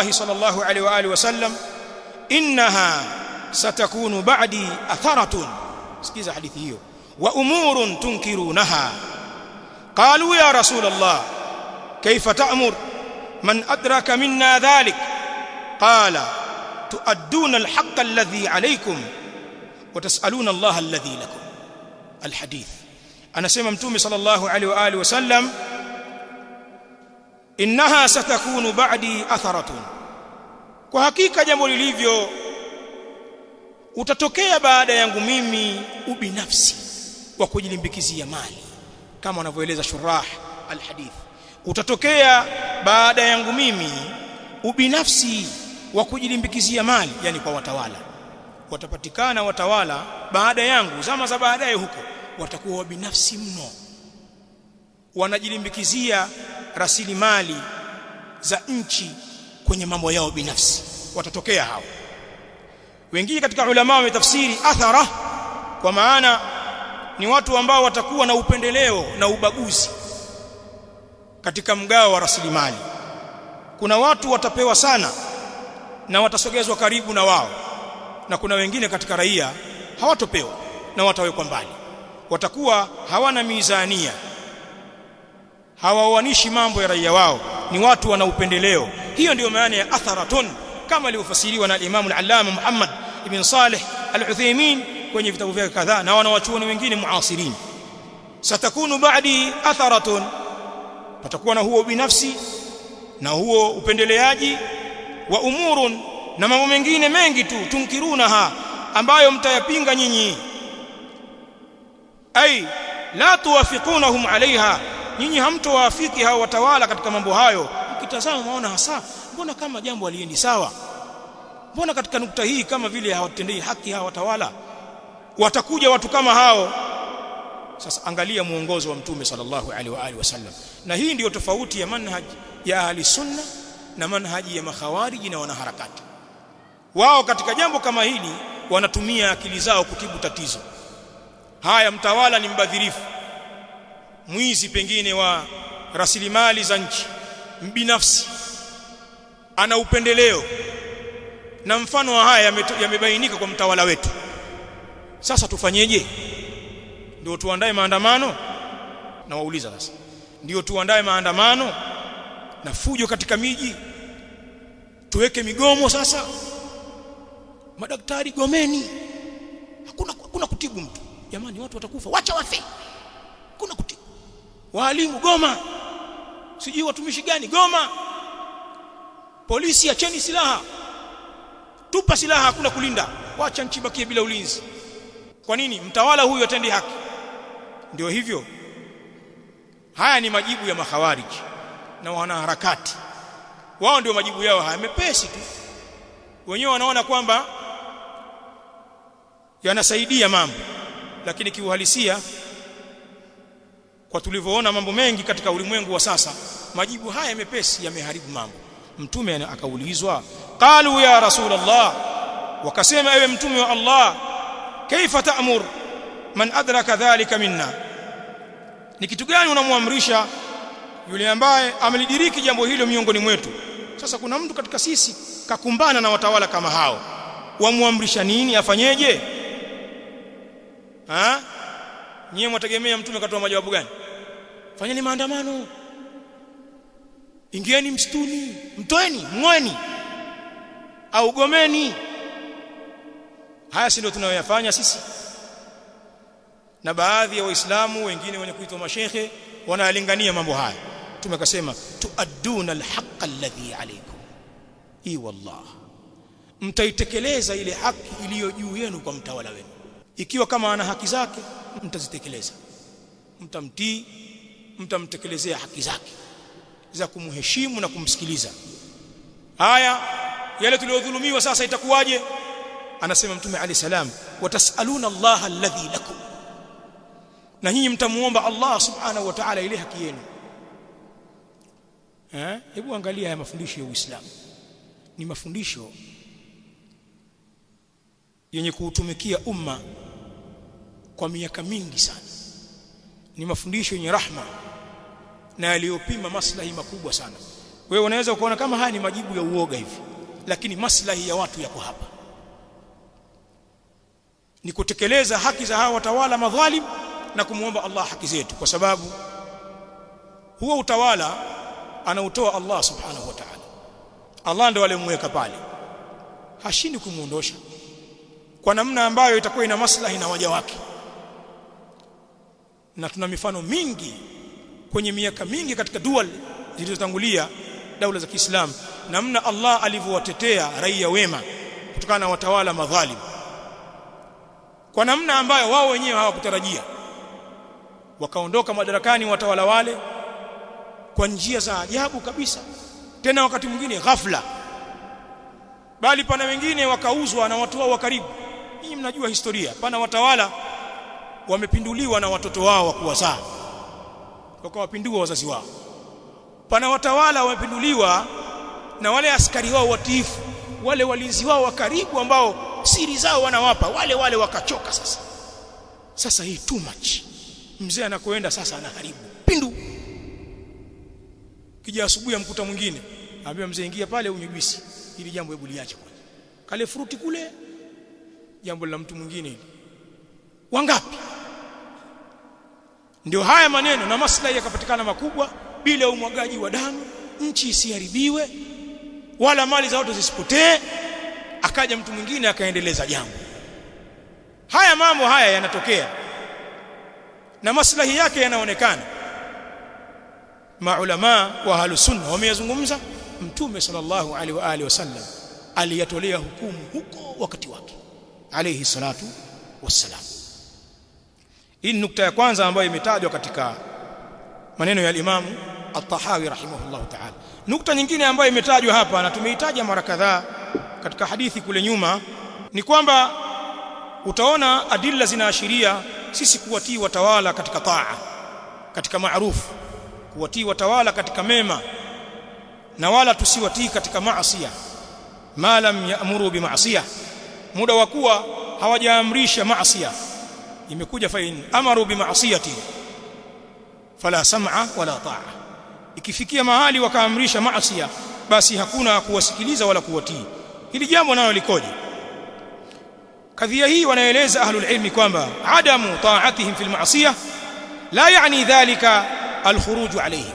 الله صلى الله عليه واله وسلم انها ستكون بعدي اثره اسكيز حديث هيو وامور تنكرونها قالوا يا رسول الله كيف تأمر من ادرك منا ذلك قال تؤدون الحق الذي عليكم وتسالون الله الذي لكم الحديث انا اسمع متومي صلى الله عليه واله وسلم innaha satakunu ba'di atharatun kwa hakika jambo lilivyo utatokea baada yangu mimi ubinafsi wa kujilimbikizia mali kama wanavyoeleza shurah alhadith utatokea baada yangu mimi ubinafsi wa kujilimbikizia mali yani kwa watawala watapatikana watawala baada yangu zama za baadaye huko watakuwa wabinafsi mno wanajilimbikizia rasilimali za nchi kwenye mambo yao binafsi watatokea hao wengine katika ulama wametafsiri athara kwa maana ni watu ambao watakuwa na upendeleo na ubaguzi katika mgao wa rasilimali kuna watu watapewa sana na watasogezwa karibu na wao na kuna wengine katika raia hawatopewa na watawekwa mbali watakuwa hawana mizania hawaoanishi mambo ya raia wao, ni watu wana upendeleo. Hiyo ndiyo maana ya atharatun kama alivyofasiriwa na Alimamu Al-Allama Muhammad ibn Saleh Al-Uthaymeen kwenye vitabu vyake kadhaa na wanawachuoni wengine muasirini Satakunu baadi atharatun, patakuwa na huo binafsi na huo upendeleaji wa umurun, na mambo mengine mengi tu, tunkirunaha, ambayo mtayapinga nyinyi, ai la tuwafiqunahum alaiha nyinyi hamto waafiki hao watawala katika mambo hayo mkitazama maona hasa mbona kama jambo aliendi sawa mbona katika nukta hii kama vile hawatendei haki hawa watawala watakuja watu kama hao sasa angalia muongozo wa mtume sallallahu alaihi wa alihi wasallam na hii ndiyo tofauti ya manhaji ya ahli sunna na manhaji ya makhawariji na wanaharakati wao katika jambo kama hili wanatumia akili zao kutibu tatizo haya mtawala ni mbadhirifu mwizi pengine wa rasilimali za nchi mbinafsi ana upendeleo na mfano wa haya yamebainika kwa mtawala wetu sasa tufanyeje ndio tuandae maandamano na wauliza sasa ndio tuandae maandamano na fujo katika miji tuweke migomo sasa madaktari gomeni hakuna kuna kutibu mtu jamani watu watakufa wacha wafe kuna kutibu waalimu Goma, sijui watumishi gani Goma. Polisi, acheni silaha, tupa silaha, hakuna kulinda, wacha nchi bakie bila ulinzi. Kwa nini? Mtawala huyu atendi haki. Ndio hivyo. Haya ni majibu ya makhawariji na wanaharakati wao, ndio majibu yao haya, mepesi tu. Wenyewe wanaona kwamba yanasaidia mambo, lakini kiuhalisia kwa tulivyoona mambo mengi katika ulimwengu wa sasa majibu haya mepesi yameharibu mambo mtume akaulizwa qalu ya rasul allah wakasema ewe mtume wa Allah kaifa ta'mur man adraka dhalika minna ni kitu gani unamwamrisha yule ambaye amelidiriki jambo hilo miongoni mwetu sasa kuna mtu katika sisi kakumbana na watawala kama hao wamwamrisha nini afanyeje ha nyie mwategemea mtume katoa majawabu gani fanyeni maandamano ingieni msituni mtoeni mweni au gomeni haya si ndio tunayoyafanya sisi na baadhi ya wa waislamu wengine wenye kuitwa mashehe wanayalingania mambo haya tumekasema tuadduna alhaqa alladhi alaykum i wallah mtaitekeleza ile haki iliyo juu yenu kwa mtawala wenu ikiwa kama ana haki zake mtazitekeleza mtamtii mtamtekelezea haki zake za kumheshimu na kumsikiliza haya yale tuliyodhulumiwa sasa itakuwaje anasema mtume ali salam watasaluna Allah alladhi lakum na nyinyi mtamuomba Allah subhanahu wa ta'ala ile haki yenu eh hebu angalia haya mafundisho ya Uislamu ni mafundisho yenye kuutumikia umma kwa miaka mingi sana ni mafundisho yenye rahma na yaliyopima maslahi makubwa sana wewe unaweza ukaona kama haya ni majibu ya uoga hivi lakini maslahi ya watu yako hapa ni kutekeleza haki za hawa watawala madhalim na kumwomba Allah haki zetu kwa sababu huo utawala anautoa Allah subhanahu wa ta'ala Allah ndo alimweka pale hashindi kumuondosha kwa namna ambayo itakuwa ina maslahi na waja wake na tuna mifano mingi kwenye miaka mingi katika dual zilizotangulia daula za Kiislamu namna Allah alivyowatetea raia wema kutokana na watawala madhalim kwa namna ambayo wao wenyewe hawakutarajia wakaondoka madarakani watawala wale kwa njia za ajabu kabisa tena wakati mwingine ghafla bali pana wengine wakauzwa na watu wao wa karibu ninyi mnajua historia pana watawala wamepinduliwa na watoto wao wakuwazaa, wakawapindua wazazi wao. Pana watawala wamepinduliwa na wale askari wao watiifu, wale walinzi wao wa karibu, ambao siri zao wanawapa wale wale, wakachoka sasa. Sasa hii too much, mzee anakoenda sasa anaharibu pindu. Kija asubuhi amkuta mwingine, anambia mzee, ingia pale unywe juisi, ili jambo hebu liache kwanza, kale fruti kule, jambo la mtu mwingine. Wangapi ndio haya maneno na maslahi yakapatikana makubwa bila umwagaji wa damu nchi isiharibiwe wala mali za watu zisipotee akaja mtu mwingine akaendeleza jambo haya mambo haya yanatokea na maslahi yake yanaonekana maulama wa halusunna wameyazungumza mtume sallallahu alaihi wa alihi wasallam aliyatolea hukumu huko wakati wake alayhi salatu wassalam hii ni nukta ya kwanza ambayo imetajwa katika maneno ya Imam At-Tahawi rahimahullahu ta'ala. Nukta nyingine ambayo imetajwa hapa na tumeitaja mara kadhaa katika hadithi kule nyuma ni kwamba utaona adilla zinaashiria sisi kuwatii watawala katika taa, katika maarufu, kuwatii watawala katika mema na wala tusiwatii katika maasiya, ma lam ya'muru bi maasiya, muda wa kuwa hawajaamrisha maasiya imekuja fain amaru bimaasiyati fala sam'a wala ta'a ikifikia mahali wakaamrisha maasiya basi hakuna kuwasikiliza wala kuwatii hili jambo nalo likoje kadhia hii wanaeleza ahlul ilmi kwamba adamu ta'atihim fil ma'siyah la yaani dhalika alkhuruj alayhim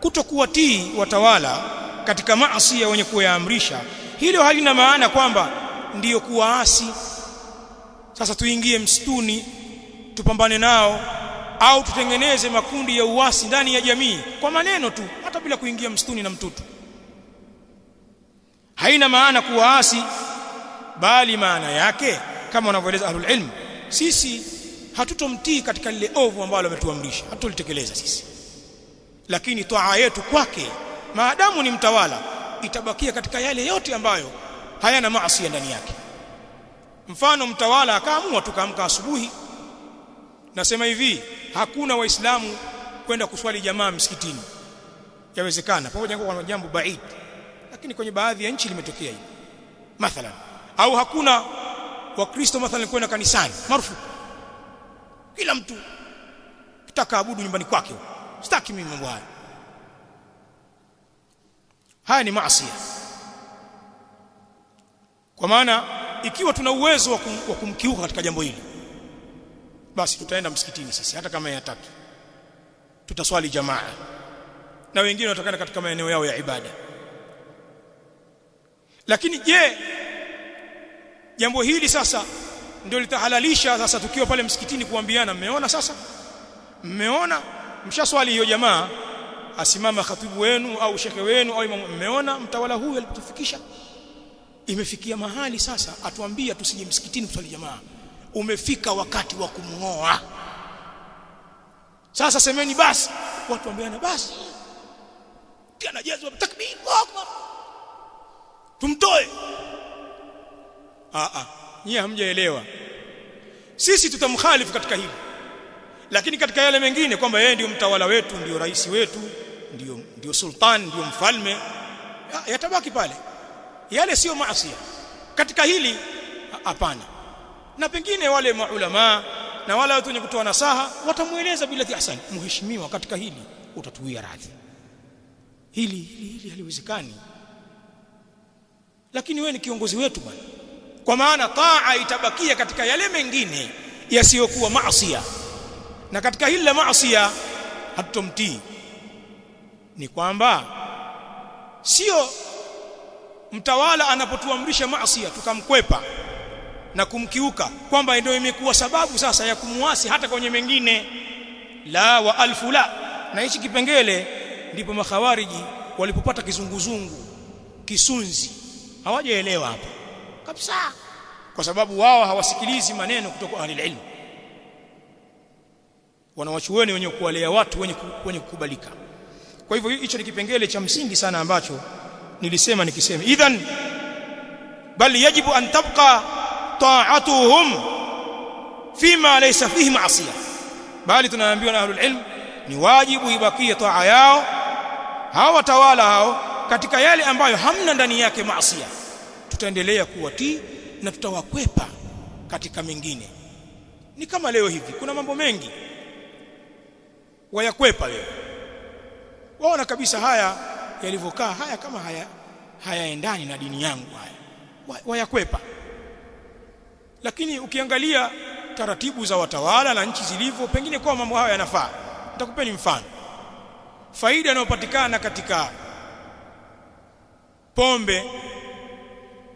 kutokuwatii watawala katika maasi wenye kuyaamrisha hilo halina maana kwamba ndiyo kuwaasi sasa tuingie msituni tupambane nao au tutengeneze makundi ya uasi ndani ya jamii kwa maneno tu hata bila kuingia msituni na mtutu haina maana kuwaasi bali maana yake kama wanavyoeleza ahlul ilm sisi hatutomtii katika lile ovu ambalo ametuamrisha hatutolitekeleza sisi lakini toa yetu kwake maadamu ni mtawala itabakia katika yale yote ambayo hayana maasi ndani yake mfano mtawala akaamua tukaamka asubuhi nasema hivi hakuna waislamu kwenda kuswali jamaa msikitini yawezekana pamoja na jambo baid lakini kwenye baadhi ya nchi limetokea hivi mathalan au hakuna wakristo mathalan kwenda kanisani marufuku kila mtu kitaka abudu nyumbani kwake sitaki mimi mambo haya haya ni maasi kwa maana ikiwa tuna uwezo wa kumkiuka katika jambo hili basi tutaenda msikitini sisi hata kama tatu tutaswali jamaa na wengine watakana katika maeneo yao ya ibada lakini je jambo hili sasa ndio litahalalisha sasa tukiwa pale msikitini kuambiana mmeona sasa mmeona mshaswali hiyo jamaa asimama khatibu wenu au shekhe wenu au mmeona mtawala huyu alitufikisha imefikia mahali sasa atuambia tusije msikitini kusali jamaa umefika wakati wa kumngoa sasa semeni basi watu waambiane basi jezu takbir akbar tumtoe a ah, a ah. nyie hamjaelewa sisi tutamkhalifu katika hili lakini katika yale mengine kwamba yeye ndio mtawala wetu ndio rais wetu ndio ndio sultan ndio mfalme yatabaki pale yale siyo maasi katika hili hapana na pengine wale maulama na wale watu wenye kutoa nasaha watamueleza bila ihsan mheshimiwa katika hili utatuia radhi hili hili hili haliwezekani lakini wewe ni kiongozi wetu bwana kwa maana taa itabakia katika yale mengine yasiyokuwa maasiya na katika hili la maasiya hatutomtii ni kwamba sio mtawala anapotuamrisha maasi tukamkwepa na kumkiuka kwamba ndio imekuwa sababu sasa ya kumuasi hata kwenye mengine la wa alfu la na hichi kipengele ndipo makhawariji walipopata kizunguzungu kisunzi hawajaelewa hapa kabisa kwa sababu wao hawasikilizi maneno kutoka ahli ilmu wanawachuoni wenye kuwalea watu wenye kukubalika kwa hivyo hicho ni kipengele cha msingi sana ambacho nilisema nikisema idhan bal yajibu an tabqa ta'atuhum fima laysa fihi ma'siyah bali tunaambiwa na ahlul ilm ni wajibu ibakie taa yao hao watawala hao katika yale ambayo hamna ndani yake maasiya tutaendelea kuwatii na tutawakwepa katika mengine ni kama leo hivi kuna mambo mengi wayakwepa leo waona kabisa haya yalivyokaa haya kama haya hayaendani na dini yangu haya wayakwepa lakini ukiangalia taratibu za watawala na nchi zilivyo pengine kwa mambo hayo yanafaa nitakupeni mfano faida inayopatikana katika pombe